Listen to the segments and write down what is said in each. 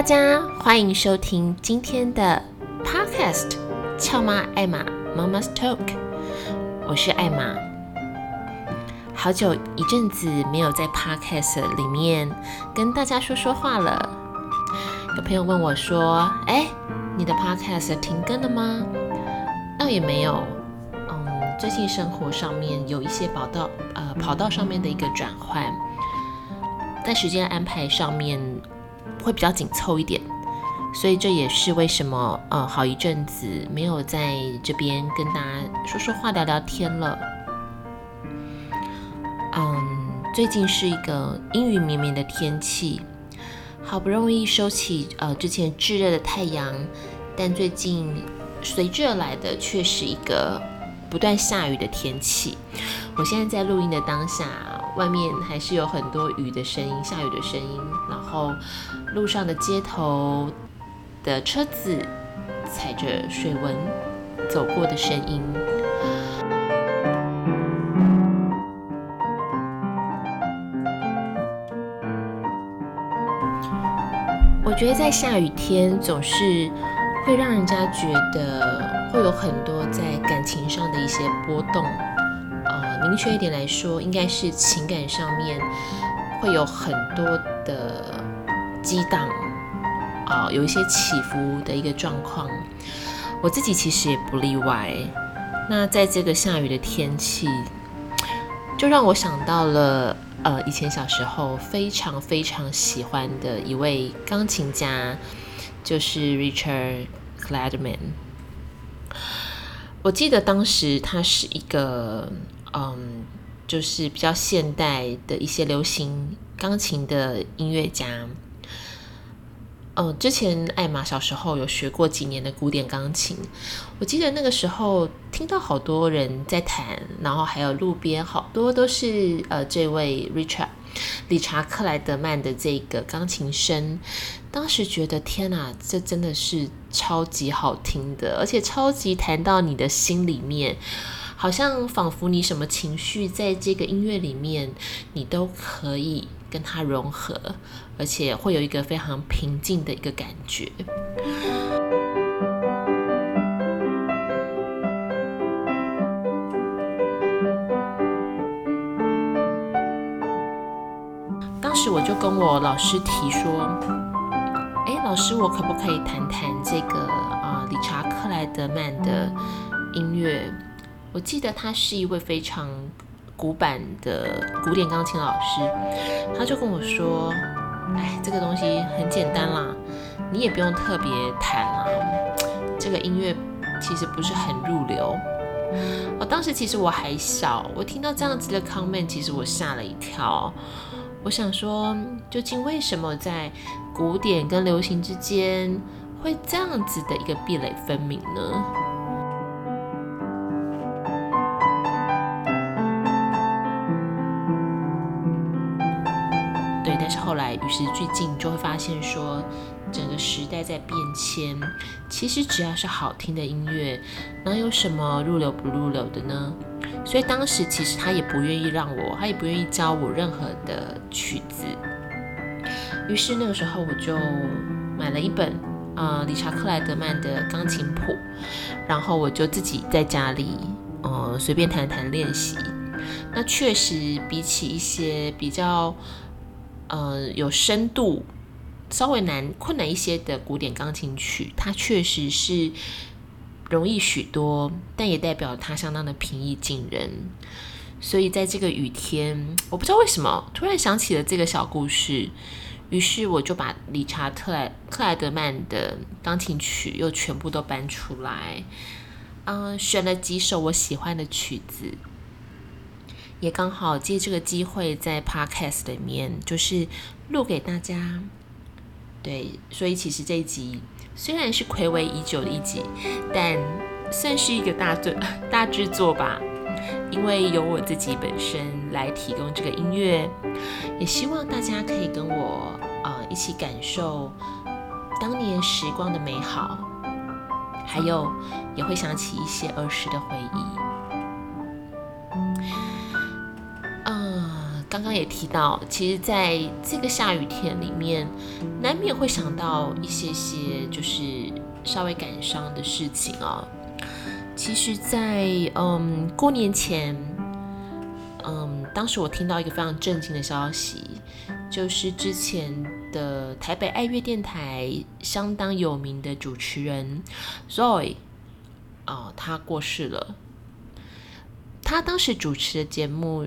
大家歡迎收聽今天的 Podcast《俏媽艾瑪》（Mama's Talk）。我是艾瑪，好久一陣子沒有在 Podcast 裡面跟大家說說話了。有朋友問我說：“哎，你的 Podcast 停更了嗎？”倒也沒有。嗯，最近生活上面有一些跑道呃跑道上面的一個轉換，在時間安排上面，會比較緊湊一點，所以這也是為什麼呃好一陣子沒有在這邊跟大家說說話聊聊天了。嗯，最近是一個陰雨綿綿的天氣，好不容易收起呃之前炙熱的太陽，但最近隨之而來的卻是一個不斷下雨的天氣。我現在在錄音的當下，外面還是有很多雨的聲音，下雨的聲音，然後路上的街頭的車子踩着水紋走過的聲音。我覺得在下雨天總是會讓人家覺得會有很多在感情上的一些波動。明確一點來說，應該是情感上面會有很多的激盪啊、哦，有一些起伏的一個狀況。我自己其實也不例外。那在這個下雨的天氣，就讓我想到了呃，以前小時候非常非常喜歡的一位鋼琴家，就是 Richard Clayderman，我記得當時他是一個。嗯，就是比較現代的一些流行鋼琴的音樂家。嗯，之前艾瑪小時候有學過幾年的古典鋼琴，我記得那個時候聽到好多人在彈，然後還有路邊好多都是呃這位 Richard 理查克萊德曼的這個鋼琴聲，當時覺得天哪，這真的是超級好聽的，而且超級彈到你的心裡面。好像仿佛你什麼情緒，在這個音樂裡面，你都可以跟它融合，而且會有一個非常平靜的一個感覺。當時我就跟我老師提說：“哎，老師，我可不可以彈彈這個啊，理查克萊德曼的音樂？”我記得他是一位非常古板的古典鋼琴老師，他就跟我說：“哎，這個東西很簡單啦，你也不用特別彈啦。這個音樂其實不是很入流哦。”我當時其實我還小，我聽到這樣子的 comment，其實我嚇了一跳。我想說，究竟為什麼在古典跟流行之間會這樣子的一個壁壘分明呢？後來與時俱進，就會發現說整個時代在變遷。其實只要是好聽的音樂，哪有什麼入流不入流的呢？所以當時其實他也不願意讓我，他也不願意教我任何的曲子。於是那個時候我就買了一本啊、呃，理查克萊德曼的鋼琴譜，然後我就自己在家裡嗯、呃，隨便彈彈練習。那確實比起一些比較。呃，有深度、稍微難、困難一些的古典鋼琴曲，它確實是容易許多，但也代表它相當的平易近人。所以在這個雨天，我不知道為什麼突然想起了這個小故事，於是我就把理查特克萊德曼的鋼琴曲又全部都搬出來，嗯、呃，選了幾首我喜歡的曲子。也剛好借這個機會，在 Podcast 裡面就是錄給大家，對，所以其實這一集雖然是暌違已久的一集，但算是一個大作大制作吧，因為由我自己本身來提供這個音樂，也希望大家可以跟我呃一起感受當年時光的美好，還有也會想起一些兒時的回憶。啊、呃，剛剛也提到，其實在這個下雨天裡面，難免會想到一些些就是稍微感傷的事情啊、哦。其實在，在嗯過年前，嗯，當時我聽到一個非常震驚的消息，就是之前的台北愛樂電台相當有名的主持人 Zoe，啊、哦，他過世了。他當時主持的節目。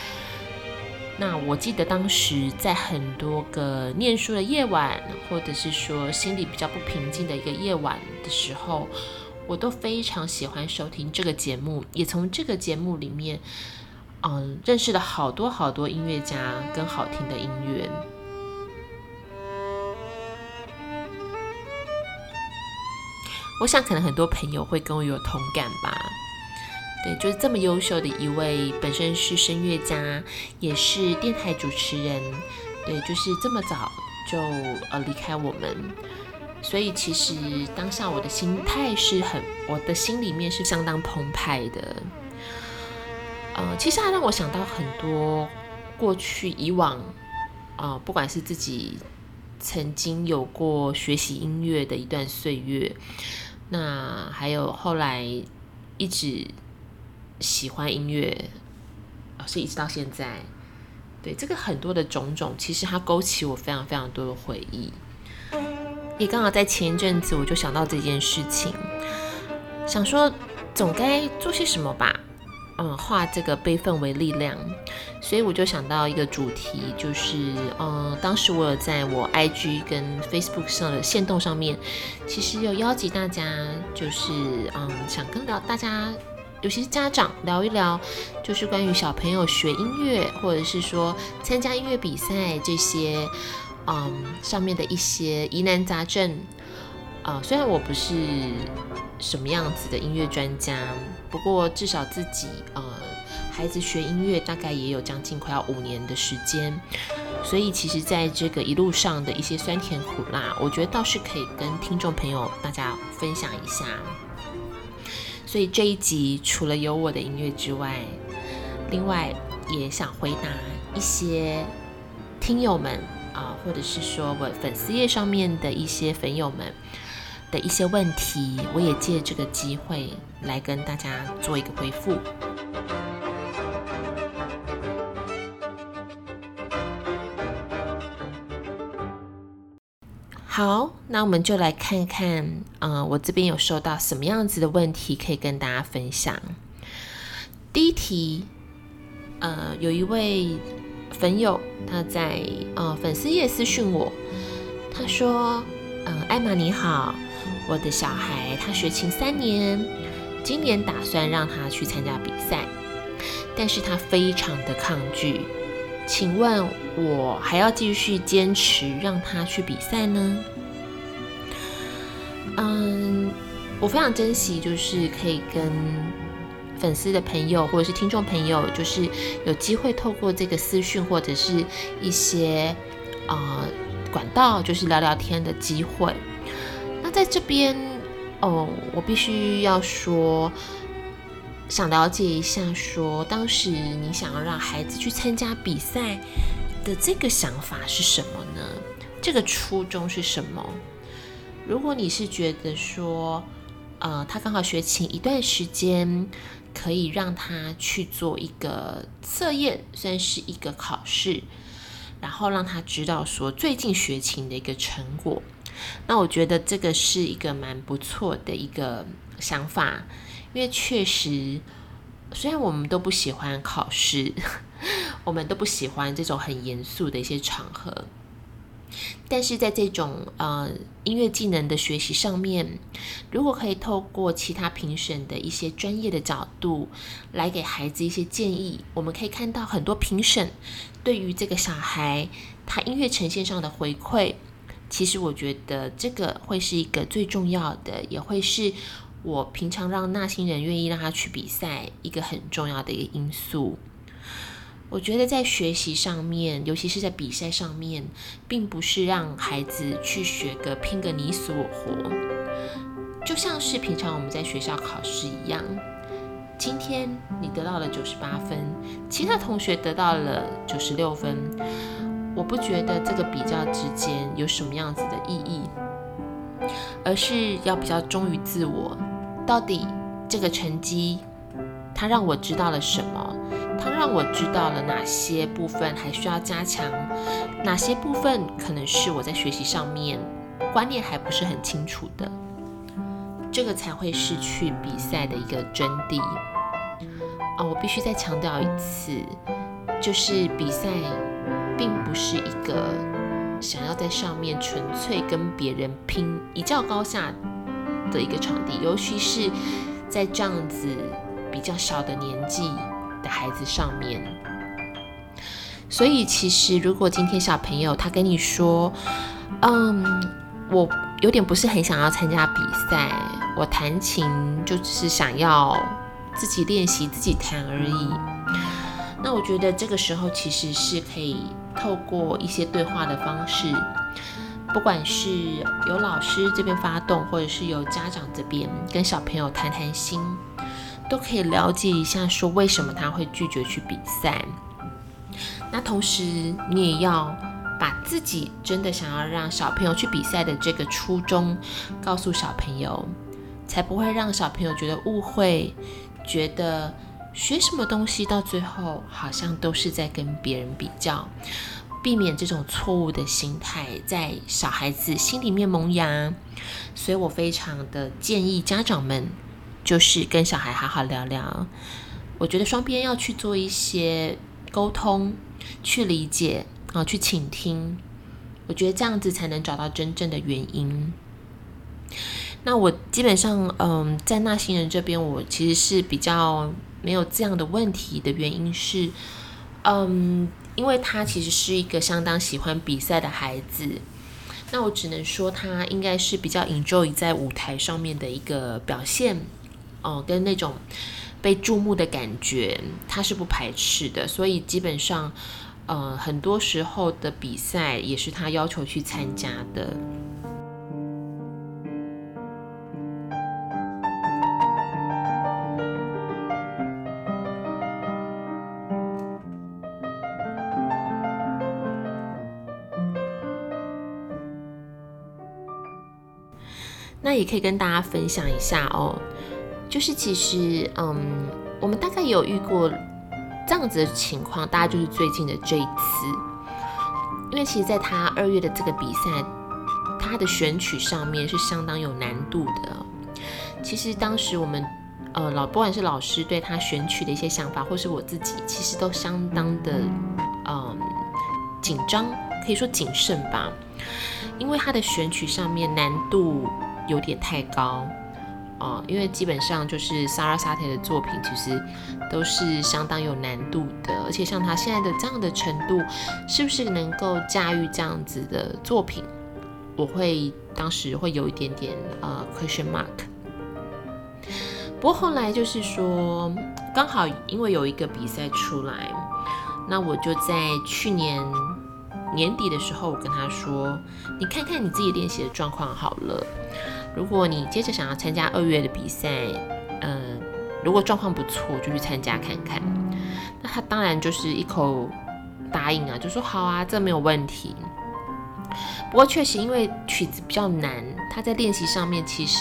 那我記得當時在很多個唸書的夜晚，或者是說心裡比較不平靜的一個夜晚的時候，我都非常喜歡收聽這個節目，也從這個節目裡面，嗯，認識了好多好多音樂家跟好聽的音樂。我想可能很多朋友會跟我有同感吧。對，就是這麼優秀的一位，本身是聲樂家，也是電台主持人。對，就是這麼早就呃離開我們，所以其實當下我的心態是很，我的心裡面是相當澎湃的。呃，其實還讓我想到很多過去以往，啊、呃，不管是自己曾經有過學習音樂的一段歲月，那還有後來一直。喜歡音樂，是一直到現在。對這個很多的種種，其實它勾起我非常非常多的回憶。也剛好在前一陣子，我就想到這件事情，想說總該做些什麼吧。嗯，化這個悲憤為力量，所以我就想到一個主題，就是嗯，當時我有在我 IG 跟 Facebook 上的限動上面，其實有邀請大家，就是嗯，想跟大家。尤其是家長聊一聊，就是關於小朋友學音樂，或者是說參加音樂比賽這些，嗯，上面的一些疑難雜症。啊、嗯，雖然我不是什麼樣子的音樂專家，不過至少自己，呃、嗯，孩子學音樂大概也有將近快要五年的時間，所以其實在這個一路上的一些酸甜苦辣，我覺得倒是可以跟聽眾朋友大家分享一下。所以這一集除了有我的音樂之外，另外也想回答一些聽友們啊、呃，或者是說我粉絲頁上面的一些粉友們的一些問題，我也借這個機會來跟大家做一個回復。好，那我們就來看看，嗯、呃，我這邊有收到什麼樣子的問題可以跟大家分享。第一題，呃，有一位粉友他在呃粉絲頁私訊我，他說，嗯、呃，艾瑪你好，我的小孩他學琴三年，今年打算讓他去參加比賽，但是他非常的抗拒。請問，我還要繼續堅持讓他去比賽呢？嗯，我非常珍惜，就是可以跟粉絲的朋友或者是聽眾朋友，就是有機會透過這個私訊或者是一些啊、呃、管道，就是聊聊天的機會。那在這邊哦，我必須要說。想了解一下，說當時你想要讓孩子去參加比賽的這個想法是什麼呢？這個初衷是什麼？如果你是覺得說，呃，他剛好學琴一段時間，可以讓他去做一個測驗，算是一個考試，然後讓他知道說最近學琴的一個成果，那我覺得這個是一個蠻不錯的一個想法。因為確實，雖然我們都不喜歡考試，我們都不喜歡這種很嚴肅的一些場合，但是在這種呃音樂技能的學習上面，如果可以透過其他評審的一些專業的角度來給孩子一些建議，我們可以看到很多評審對於這個小孩他音樂呈現上的回饋，其實我覺得這個會是一個最重要的，也會是。我平常讓 NA 星人願意讓他去比賽，一個很重要的一個因素，我覺得在學習上面，尤其是在比賽上面，並不是讓孩子去學個拼個你死我活，就像是平常我們在學校考試一樣。今天你得到了九十八分，其他同學得到了九十六分，我不覺得這個比較之間有什麼樣子的意義，而是要比較忠於自我。到底這個成績，它讓我知道了什麼？它讓我知道了哪些部分還需要加強，哪些部分可能是我在學習上面觀念還不是很清楚的，這個才會失去比賽的一個真諦。啊。我必須再強調一次，就是比賽並不是一個想要在上面純粹跟別人拼一較高下。的一個場地，尤其是在這樣子比較小的年紀的孩子上面。所以，其實如果今天小朋友他跟你說：“嗯，我有點不是很想要參加比賽，我彈琴就是想要自己練習自己彈而已。”那我覺得這個時候其實是可以透過一些對話的方式。不管是由老師這邊發動，或者是由家長這邊跟小朋友談談心，都可以了解一下，說為什麼他會拒絕去比賽。那同時，你也要把自己真的想要讓小朋友去比賽的這個初衷告訴小朋友，才不會讓小朋友覺得誤會，覺得學什麼東西到最後好像都是在跟別人比較。避免這種錯誤的心態在小孩子心裡面萌芽，所以我非常的建議家長們，就是跟小孩好好聊聊。我覺得雙邊要去做一些溝通，去理解啊，去傾聽。我覺得這樣子才能找到真正的原因。那我基本上，嗯，在 NA 星人這邊，我其實是比較沒有這樣的問題的原因是，嗯。因為他其實是一個相當喜歡比賽的孩子，那我只能說他應該是比較 enjoy 在舞台上面的一個表現，哦，跟那種被注目的感覺，他是不排斥的，所以基本上，呃，很多時候的比賽也是他要求去參加的。那也可以跟大家分享一下哦，就是其實，嗯，我們大概有遇過這樣子的情況，大概就是最近的這一次，因為其實，在他二月的這個比賽，他，他的選曲上面是相當有難度的。其實當時我們，呃、嗯，老不管是老師對他選曲的一些想法，或是我自己，其實都相當的，嗯，緊張，可以說謹慎吧，因為他的選曲上面難度。有點太高哦，呃，因為基本上就是薩拉薩蒂的作品，其實都是相當有難度的。而且像他現在的這樣的程度，是不是能夠駕馭這樣子的作品？我會當時會有一點點呃，question mark。不過後來就是說，剛好因為有一個比賽出來，那我就在去年。年底的時候，我跟他說：“你看看你自己練習的狀況好了。如果你接着想要參加二月的比賽，嗯、呃，如果狀況不錯，就去參加看看。”那他當然就是一口答應啊，就說：“好啊，這沒有問題。”不過確實，因為曲子比較難，他在練習上面其實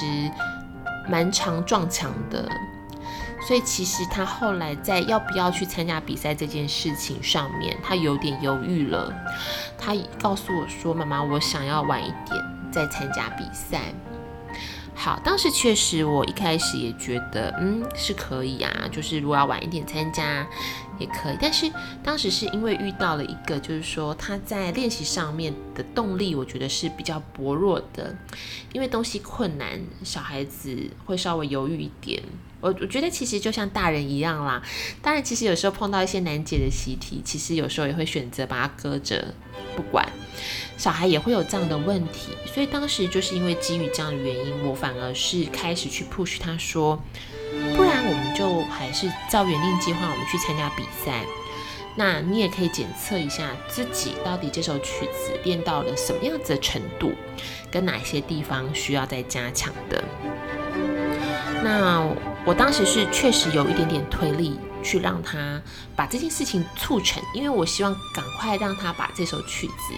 蠻常撞牆的。所以其實他後來在要不要去參加比賽這件事情上面，他有點猶豫了。他告訴我說：“媽媽，我想要晚一點再參加比賽。”好，當時確實我一開始也覺得，嗯，是可以啊，就是如果要晚一點參加。也可以，但是當時是因為遇到了一個，就是說他在練習上面的動力，我覺得是比較薄弱的，因為東西困難，小孩子會稍微猶豫一點。我我覺得其實就像大人一樣啦，當然其實有時候碰到一些難解的習題，其實有時候也會選擇把它擱着不管。小孩也會有這樣的問題，所以當時就是因為基於這樣的原因，我反而是開始去 push 他說，不然我們就還是照原定計劃，我們去參加比賽。那你也可以檢測一下自己到底這首曲子練到了什麼樣子的程度，跟哪些地方需要再加強的。那我當時是確實有一點點推力去讓他把這件事情促成，因為我希望趕快讓他把這首曲子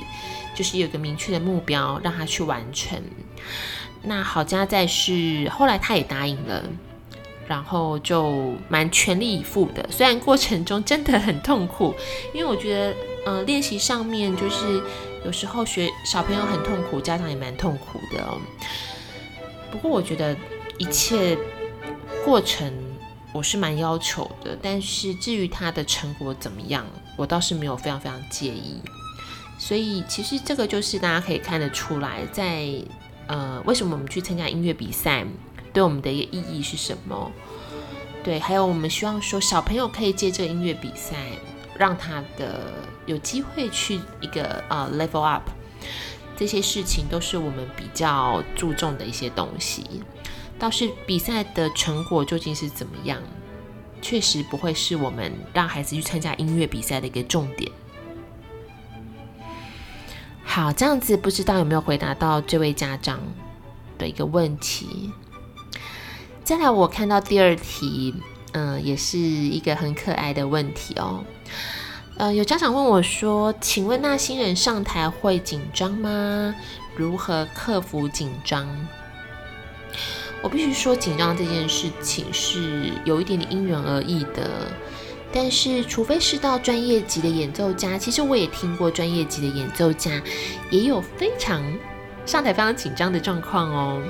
就是有個明確的目標讓他去完成。那好家在是後來他也答應了。然後就蠻全力以赴的，雖然過程中真的很痛苦，因為我覺得，呃，練習上面就是有時候學小朋友很痛苦，家長也蠻痛苦的哦。不過我覺得一切過程我是蠻要求的，但是至於他的成果怎麼樣，我倒是沒有非常非常介意。所以其實這個就是大家可以看得出來，在呃，為什麼我們去參加音樂比賽？對我們的一個意義是什麼？對，還有我們希望說，小朋友可以借這個音樂比賽，讓他的有機會去一個呃、uh、level up。這些事情都是我們比較注重的一些東西。倒是比賽的成果究竟是怎麼樣，確實不會是我們讓孩子去參加音樂比賽的一個重點。好，這樣子不知道有沒有回答到這位家長的一個問題。接下來，我看到第二題，嗯、呃，也是一個很可愛的問題哦、喔。呃，有家長問我說：“請問 NA 星人上台會緊張嗎？如何克服緊張？”我必須說，緊張這件事情是有一點點因人而異的。但是，除非是到專業級的演奏家，其實我也聽過專業級的演奏家也有非常上台非常緊張的狀況哦。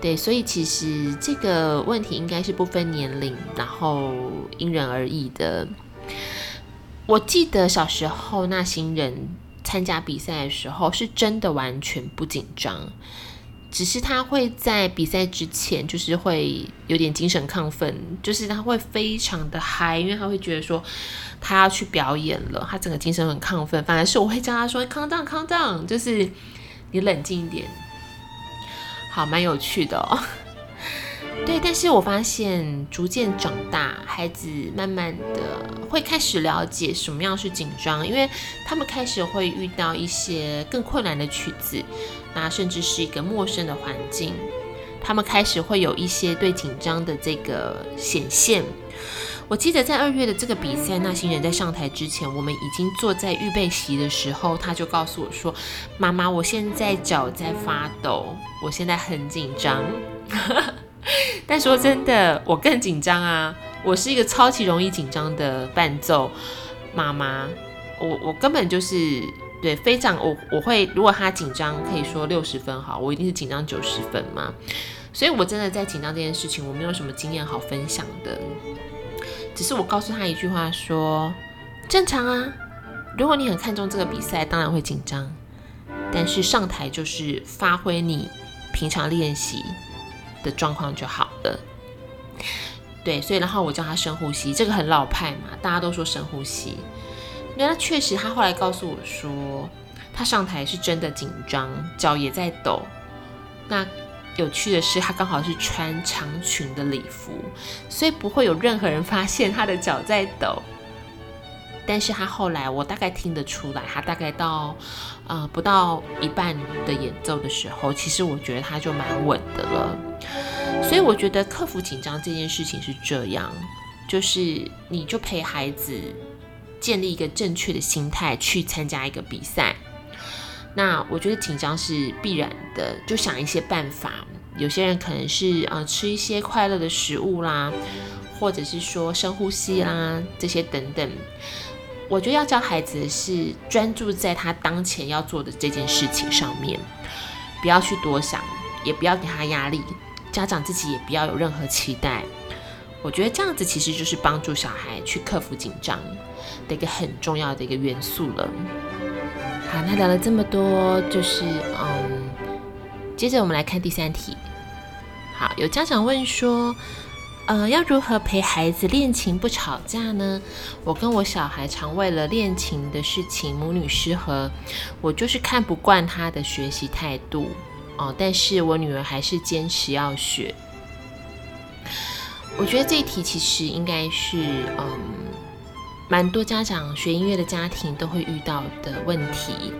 對，所以其實這個問題應該是不分年齡，然後因人而異的。我記得小時候 NA 星人參加比賽的時候，是真的完全不緊張，只是他會在比賽之前，就是會有點精神亢奮，就是他會非常的嗨，因為他會覺得說他要去表演了，他整個精神很亢奮。反而是我會叫他說 “calm down，calm down”，就是你冷靜一點。好，蠻有趣的哦。 對，但是我發現，逐漸長大，孩子慢慢的會開始了解什麼樣是緊張，因為他們開始會遇到一些更困難的曲子，那、啊、甚至是一個陌生的環境，他們開始會有一些對緊張的這個顯現。我記得在二月的這個比賽，NA 星人在上台之前，我們已經坐在預備席的時候，他就告訴我說：“媽媽，我現在腳在發抖，我現在很緊張。 ”但說真的，我更緊張啊！我是一個超級容易緊張的伴奏媽媽，我我根本就是對非常我我會，如果他緊張可以說六十分好，我一定是緊張九十分嘛。所以我真的在緊張這件事情，我沒有什麼經驗好分享的。只是我告訴他一句話說，說正常啊。如果你很看重這個比賽，當然會緊張。但是上台就是發揮你平常練習的狀況就好了。對，所以然後我叫他深呼吸，這個很老派嘛，大家都說深呼吸。那確實，他後來告訴我說，他上台是真的緊張，腳也在抖。那。有趣的是，他剛好是穿長裙的禮服，所以不會有任何人發現他的腳在抖。但是他後來，我大概聽得出來，他大概到，呃，不到一半的演奏的時候，其實我覺得他就蠻穩的了。所以我覺得克服緊張這件事情是這樣，就是你就陪孩子建立一個正確的心態去參加一個比賽。那我覺得緊張是必然的，就想一些辦法。有些人可能是啊、呃，吃一些快樂的食物啦，或者是說深呼吸啦，這些等等。我覺得要教孩子的是專注在他當前要做的這件事情上面，不要去多想，也不要給他壓力。家長自己也不要有任何期待。我覺得這樣子其實就是幫助小孩去克服緊張的一個很重要的一個元素了。好，那聊了這麼多，就是嗯，接着我們來看第三題。好，有家長問說，呃，要如何陪孩子練琴不吵架呢？我跟我小孩常為了練琴的事情，母女失和，我就是看不慣她的學習態度哦、嗯，但是我女兒還是堅持要學。我覺得這一題其實應該是嗯。蠻多家長學音樂的家庭都會遇到的問題，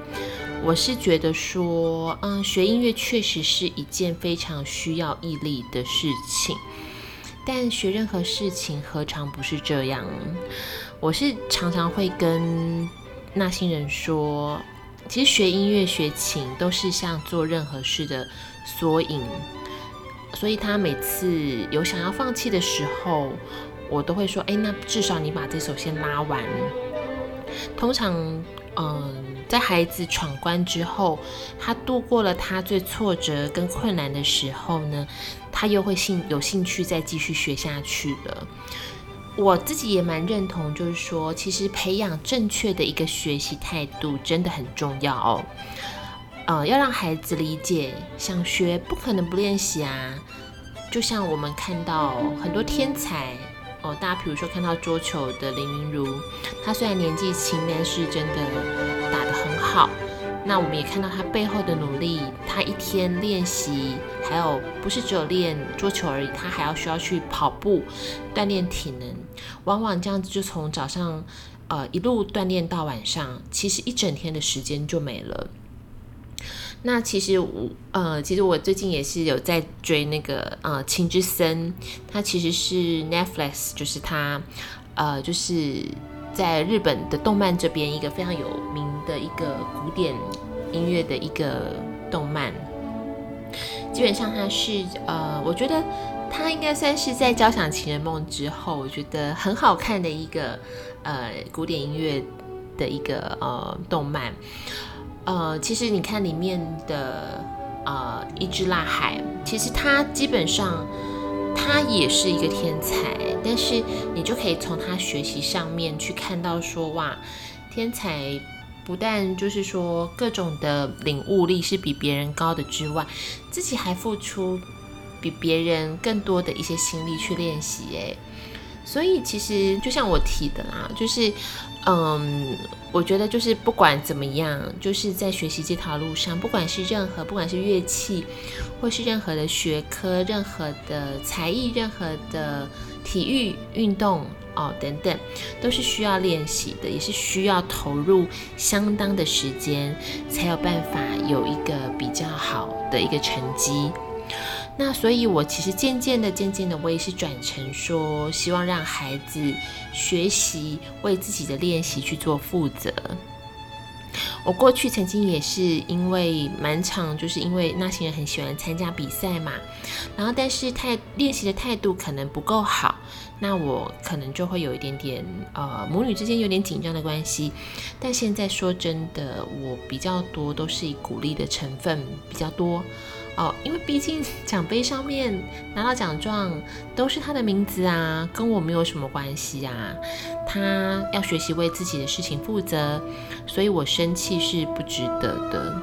我是覺得說，嗯，學音樂確實是一件非常需要毅力的事情。但學任何事情何嘗不是這樣？我是常常會跟 NA 星人說，其實學音樂、學琴都是像做任何事的縮影。所以他每次有想要放棄的時候。我都會說：“哎，那至少你把這首先拉完。”通常，嗯，在孩子闖關之後，他度過了他最挫折跟困難的時候呢，他又會興有興趣再繼續學下去了。我自己也蠻認同，就是說，其實培養正確的一個學習態度真的很重要哦。呃、嗯，要讓孩子理解，想學不可能不練習啊。就像我們看到很多天才。哦，大家比如說看到桌球的林昀儒，他雖然年紀輕，但是真的打得很好。那我們也看到他背後的努力，他一天練習，還有不是只有練桌球而已，他還要需要去跑步鍛鍊體能，往往這樣子就從早上呃一路鍛鍊到晚上，其實一整天的時間就沒了。那其實我呃，其實我最近也是有在追那個呃《琴之森》，它其實是 Netflix，就是它呃，就是在日本的動漫這邊一個非常有名的一個古典音樂的一個動漫。基本上它是呃，我覺得它應該算是在《交響情人夢》之後，我覺得很好看的一個呃古典音樂的一個呃動漫。呃，其實你看裡面的，呃，一只辣海，其實他基本上，他也是一個天才，但是你就可以從他學習上面去看到說，哇，天才不但就是說各種的領悟力是比別人高的之外，自己還付出比別人更多的一些心力去練習，欸。所以其實就像我提的啦，就是，嗯，我覺得就是不管怎麼樣，就是在學習這條路上，不管是任何，不管是樂器，或是任何的學科、任何的才藝、任何的體育運動哦等等，都是需要練習的，也是需要投入相當的時間，才有辦法有一個比較好的一個成績。那所以，我其實漸漸的、漸漸的，我也是轉成說，希望讓孩子學習為自己的練習去做負責。我過去曾經也是因為蠻常，就是因為 NA 星人很喜歡參加比賽嘛，然後但是她練習的態度可能不夠好，那我可能就會有一點點呃母女之間有點緊張的關係。但現在說真的，我比較多都是以鼓勵的成分比較多。哦，因為畢竟獎盃上面拿到獎狀都是他的名字啊，跟我沒有什麼關係啊。他要學習為自己的事情負責，所以我生氣是不值得的。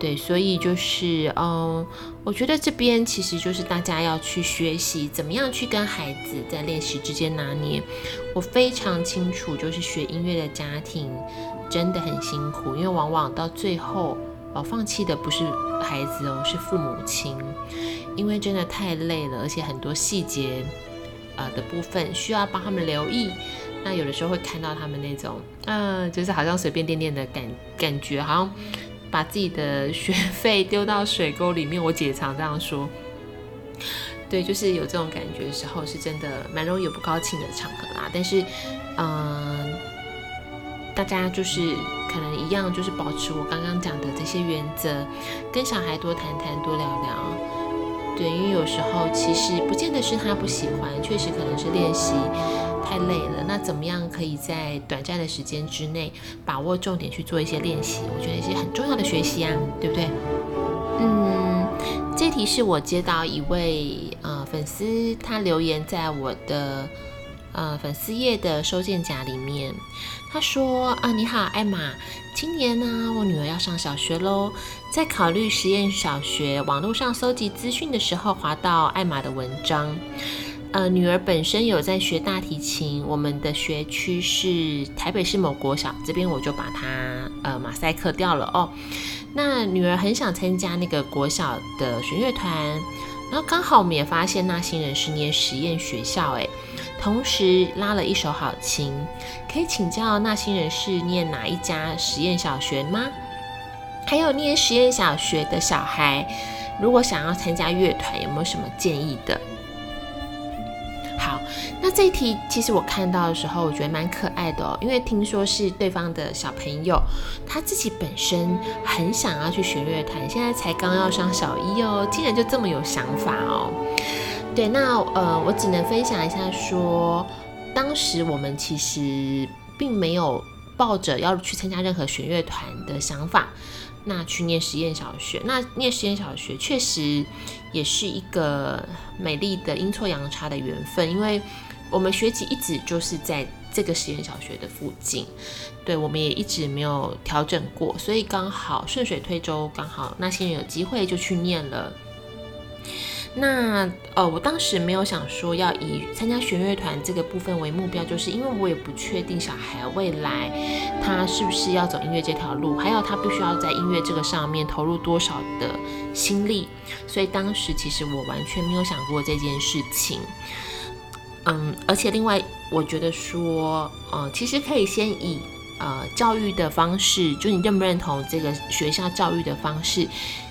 對，所以就是，哦、嗯，我覺得這邊其實就是大家要去學習怎麼樣去跟孩子在練習之間拿捏。我非常清楚，就是學音樂的家庭真的很辛苦，因為往往到最後。哦，放棄的不是孩子哦，是父母親，因為真的太累了，而且很多細節，呃的部分需要幫他們留意。那有的時候會看到他們那種，嗯、呃，就是好像隨便練練的感感覺，好像把自己的學費丟到水溝裡面。我姐常這樣說，對，就是有這種感覺的時候，是真的蠻容易有不高興的場合啦、啊。但是，嗯、呃……大家就是可能一樣，就是保持我剛剛講的這些原則，跟小孩多談談，多聊聊。對，因為有時候其實不見得是他不喜歡，確實可能是練習太累了。那怎麼樣可以在短暫的時間之內把握重點去做一些練習？我覺得也是很重要的學習啊，對不對？嗯，這題是我接到一位呃粉絲他留言在我的。呃，粉絲頁的收件夾裡面，他說啊，你好，艾瑪，今年呢、啊，我女兒要上小學嘍，在考慮實驗小學，網絡上搜集資訊的時候，滑到艾瑪的文章。呃，女兒本身有在學大提琴，我們的學區是台北市某國小，這邊我就把它呃馬賽克掉了哦。那女兒很想參加那個國小的弦樂團，然後剛好我們也發現 NA 星人是念實驗學校、欸，哎。同時拉了一手好琴，可以請教 NA 星人是念哪一家實驗小學嗎？還有念實驗小學的小孩，如果想要參加樂團，有沒有什麼建議的？好，那這一題其實我看到的時候，我覺得蠻可愛的哦，因為聽說是對方的小朋友，他自己本身很想要去學樂團，現在才剛要上小一哦，竟然就這麼有想法哦。對，那呃，我只能分享一下說，當時我們其實並沒有抱着要去參加任何弦樂團的想法。那去念實驗小學，那念實驗小學確實也是一個美麗的陰錯陽差的緣分，因為我們學籍一直就是在這個實驗小學的附近，對，我們也一直沒有調整過，所以剛好順水推舟，剛好 NA 星人有機會就去念了。那呃、哦，我當時沒有想說要以參加弦樂團這個部分為目標，就是因為我也不確定小孩未來他是不是要走音樂這條路，還有他必須要在音樂這個上面投入多少的心力，所以當時其實我完全沒有想過這件事情。嗯，而且另外我覺得說，呃、嗯，其實可以先以。呃，教育的方式，就你認不認同這個學校教育的方式，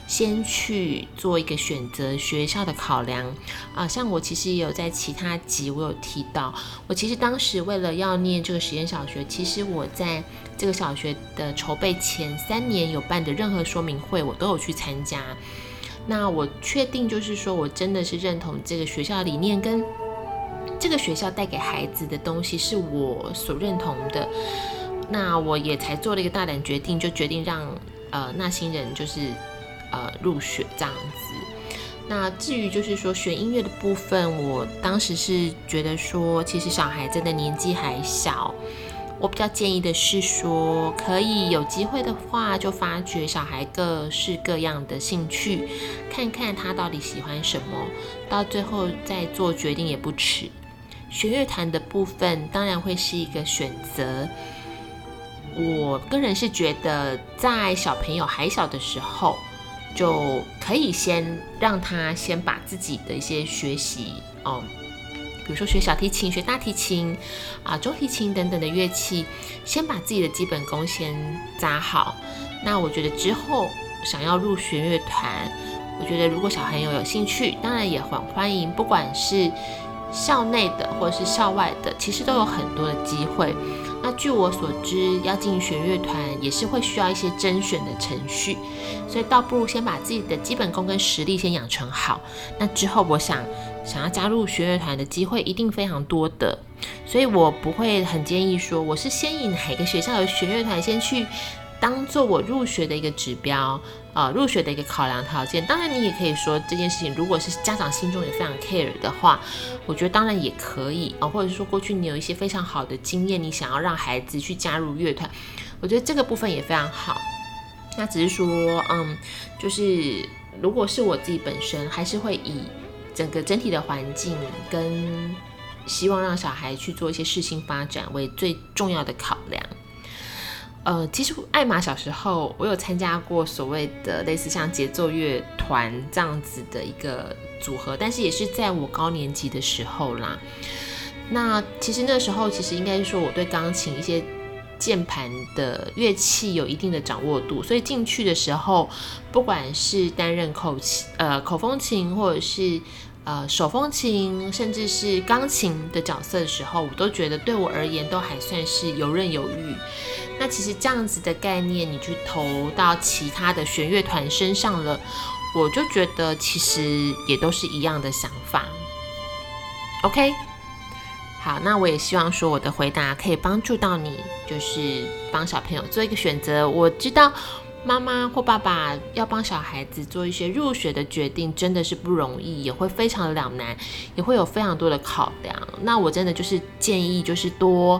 先去做一個選擇學校的考量啊。呃，像我其實也有在其他集，我有提到，我其實當時為了要念這個實驗小學，其實我在這個小學的籌備前三年有辦的任何說明會，我都有去參加。那我確定就是說我真的是認同這個學校理念跟這個學校帶給孩子的東西，是我所認同的。那我也才做了一個大膽決定，就決定讓呃 NA 星人就是呃入學這樣子。那至於就是說學音樂的部分，我當時是覺得說，其實小孩真的年紀還小，我比較建議的是說，可以有機會的話就發掘小孩各式各樣的興趣，看看他到底喜歡什麼，到最後再做決定也不遲。學樂團的部分當然會是一個選擇。我個人是覺得，在小朋友還小的時候，就可以先讓他先把自己的一些學習哦，比如說學小提琴、學大提琴啊、呃、中提琴等等的樂器，先把自己的基本功先扎好。那我覺得之後想要入學樂團，我覺得如果小朋友有興趣，當然也很歡迎，不管是校內的或者是校外的，其實都有很多的機會。那據我所知，要進弦樂團也是會需要一些甄選的程序，所以倒不如先把自己的基本功跟實力先養成好。那之後，我想想要加入弦樂團的機會一定非常多的，所以我不會很建議說，我是先以哪一個學校的弦樂團先去。當做我入學的一個指標，呃，入學的一個考量條件。當然，你也可以說這件事情，如果是家長心中也非常 care 的話，我覺得當然也可以啊、哦。或者是說，過去你有一些非常好的經驗，你想要讓孩子去加入樂團，我覺得這個部分也非常好。那只是說，嗯，就是如果是我自己本身，還是會以整個整體的環境跟希望讓小孩去做一些事情發展為最重要的考量。呃，其實艾瑪小時候，我有參加過所謂的類似像節奏樂團這樣子的一個組合，但是也是在我高年級的時候啦。那其實那時候，其實應該是說我對鋼琴一些鍵盤的樂器有一定的掌握度，所以進去的時候，不管是擔任口琴、呃口風琴，或者是。呃，手風琴甚至是鋼琴的角色的時候，我都覺得對我而言都還算是游刃有餘。那其實這樣子的概念，你去投到其他的弦樂團身上了，我就覺得其實也都是一樣的想法。OK，好，那我也希望說我的回答可以幫助到你，就是幫小朋友做一個選擇。我知道。媽媽或爸爸要幫小孩子做一些入學的決定，真的是不容易，也會非常的兩難，也會有非常多的考量。那我真的就是建議，就是多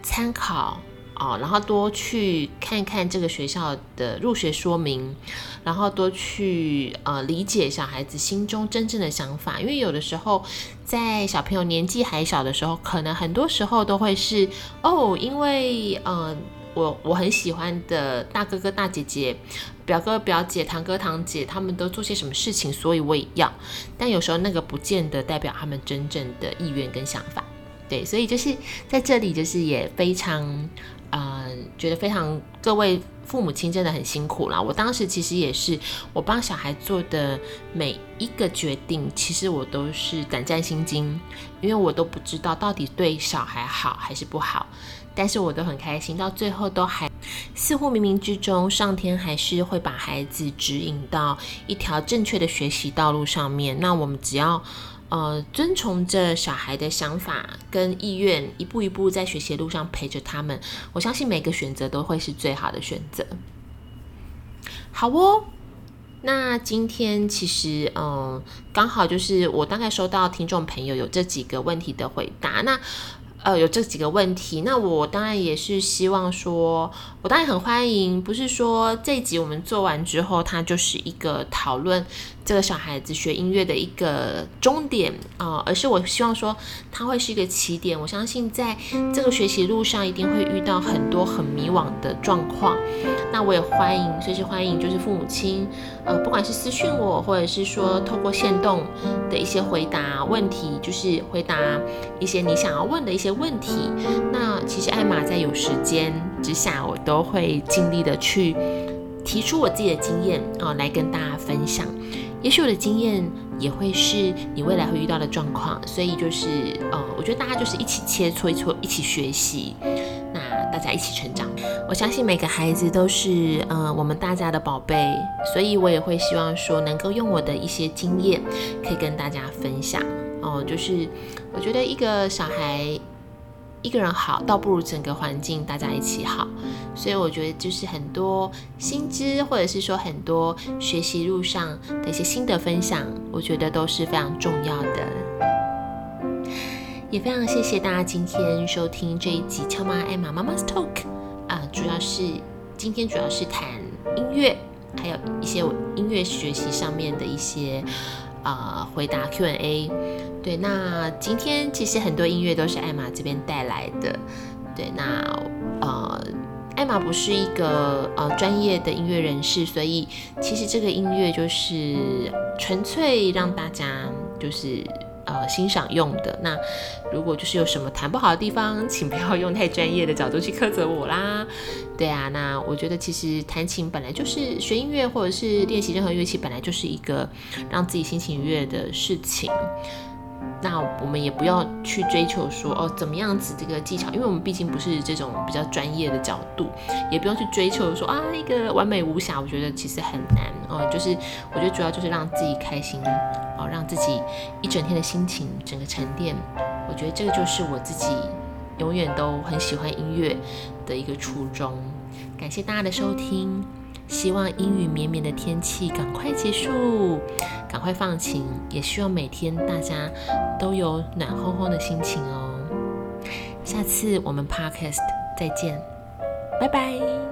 參考哦，然後多去看看這個學校的入學說明，然後多去呃理解小孩子心中真正的想法，因為有的時候在小朋友年紀還小的時候，可能很多時候都會是哦，因為嗯。呃我我很喜歡的大哥哥、大姐姐、表哥、表姐、堂哥、堂姐，他們都做些什麼事情？所以我也要。但有時候那個不見得代表他們真正的意願跟想法。對，所以就是在這裡，就是也非常，嗯、呃，覺得非常各位父母親真的很辛苦啦。我當時其實也是，我幫小孩做的每一個決定，其實我都是膽戰心驚，因為我都不知道到底對小孩好還是不好。但是我都很開心，到最後都還似乎冥冥之中，上天還是會把孩子指引到一條正確的學習道路上面。那我們只要呃遵從着小孩的想法跟意願，一步一步在學習路上陪着他們，我相信每個選擇都會是最好的選擇。好哦，那今天其實嗯，剛好就是我大概收到聽眾朋友有這幾個問題的回答，那。呃，有這幾個問題，那我當然也是希望說，我當然很歡迎，不是說這一集我們做完之後，它就是一個討論。這個小孩子學音樂的一個終點啊、呃，而是我希望說它會是一個起點。我相信在這個學習路上一定會遇到很多很迷惘的狀況，那我也歡迎隨時歡迎，就是父母親呃，不管是私訊我，或者是說透過限動的一些回答問題，就是回答一些你想要問的一些問題。那其實艾瑪在有時間之下，我都會盡力的去提出我自己的經驗啊、呃，來跟大家分享。也許我的經驗也會是你未來會遇到的狀況，所以就是呃，我覺得大家就是一起切磋切磋，一起學習，那大家一起成長。我相信每個孩子都是呃，我們大家的寶貝，所以我也會希望說能夠用我的一些經驗可以跟大家分享哦、呃。就是我覺得一個小孩。一個人好，倒不如整個環境大家一起好。所以我覺得，就是很多心知，或者是說很多學習路上的一些心得分享，我覺得都是非常重要的。也非常謝謝大家今天收聽這一集《俏媽艾瑪 MaMa's Talk》啊、呃，主要是今天主要是談音樂，還有一些音樂學習上面的一些。呃，回答 Q&A，對，那今天其實很多音樂都是艾瑪這邊帶來的，對，那呃，艾瑪不是一個呃專業的音樂人士，所以其實這個音樂就是純粹讓大家就是。呃，欣賞用的。那，如果就是有什麼彈不好的地方，請不要用太專業的角度去苛責我啦。 對啊，那我覺得其實彈琴本來就是學音樂或者是練習任何樂器，本來就是一個讓自己心情愉悅的事情。那我們也不要去追求說哦怎麼樣子這個技巧，因為我們畢竟不是這種比較專業的角度，也不用去追求說啊一個完美無瑕，我覺得其實很難哦。就是我覺得主要就是讓自己開心哦，讓自己一整天的心情整個沉澱。我覺得這個就是我自己永遠都很喜歡音樂的一個初衷。感謝大家的收聽。希望陰雨綿綿的天氣趕快結束，趕快放晴。也希望每天大家都有暖烘烘的心情哦、喔。下次我們 Podcast 再見，拜拜。